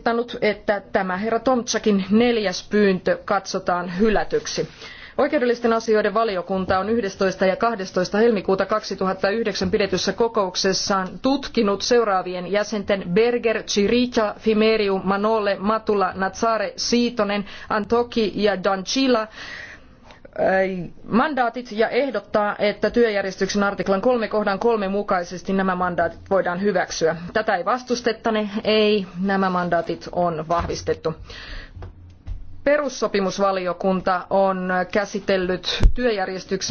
osoittanut, että tämä herra Tomtsakin neljäs pyyntö katsotaan hylätyksi. Oikeudellisten asioiden valiokunta on 11. ja 12. helmikuuta 2009 pidetyssä kokouksessaan tutkinut seuraavien jäsenten Berger, Chirica, Fimeriu, Manole, Matula, Nazare, Siitonen, Antoki ja Dancila mandaatit ja ehdottaa, että työjärjestyksen artiklan kolme kohdan kolme mukaisesti nämä mandaatit voidaan hyväksyä. Tätä ei vastustettane, ei, nämä mandaatit on vahvistettu. Perussopimusvaliokunta on käsitellyt työjärjestyksen